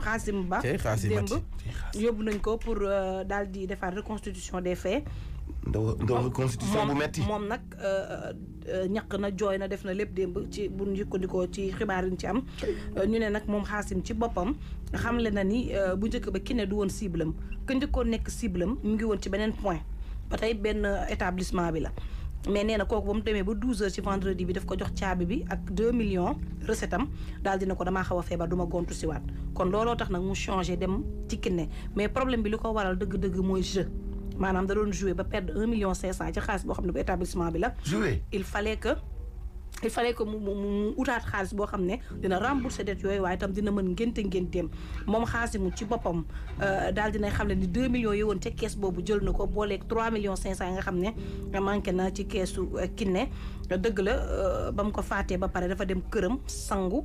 Xaasim Ba démb yóbbu nañ ko pour euh, daal di defaat reconstitution des faits ndaw reconstitution bu moom nag euh, euh, ñaq na jooy na def na lépp démb ci bu njëkkandikoo ci xibaar yi ñu ci am ñu ne nag moom Xaasim ci boppam xamle na ni bu njëkk ba ki ne du woon cible am que njëkkoon nekk cible am mu ngi woon ci beneen point ba tey benn établissement bi la mais nee na kooku ba mu demee ba 12h ci vendredi bi daf ko jox caabi bi ak 2 millions recette am daal dina ko damaa xaw a feebar du ma gontu si waat kon looloo tax nag mu changé dem ci kiné mais problème bi li ko waral dëgg-dëgg mooy jeu. maanaam da doon joué ba perdre 1 million 500 ci xaalis boo xam ne bu établissement bi la. joué il fallait que. il fallait que mu mu mu utaat xaalis boo xam ne dina rembourser dette yooyu waaye itam dina mën ngénte ngénteem moom mu ci boppam euh, daal dina xam ne ni 2 millions yi woon ca kees boobu jël na ko booleeg 3 millions 500 yi nga xam ne manqué na ci keesu euh, Kiné dëgg la euh, ba mu ko faatee ba pare dafa dem këram sangu.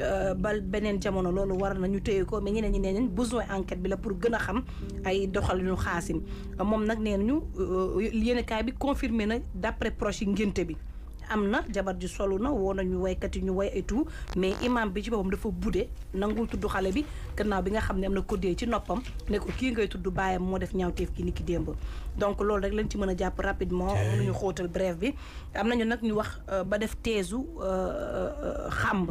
Euh, bal beneen jamono loolu war ñu téye ko mais ñeneen ñi nee nañ besoin enquête bi la pour gën a xam ay doxalinu xaasim moom nag nee nañu euh, yéenekaay bi confirmé na d'après proche ngénte bi am na jabar ji solu na woo nañu waykat yi ñu way et tout mais imam bi ci boppam dafa budde nangul tudd xale bi gannaaw bi nga xam ne am na koddee ci noppam ne ko kii ngay tudd baayam moo def ñaawteef kii nit ki démb donc loolu rek lañ ci mën a jàpp rapidement lu ñu xóotal bref bi am nañu nag ñu wax euh, ba def teesu xàmb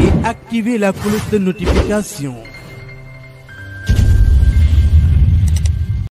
et activer la cloche de notification.